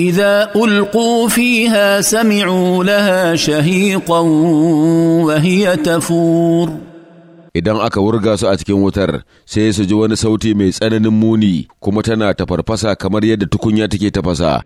اذا القوا فيها سمعوا لها شهيقا وهي تفور idan aka wurga su a cikin wutar sai su ji wani sauti mai tsananin muni kuma tana tafarfasa kamar yadda tukunya take tafasa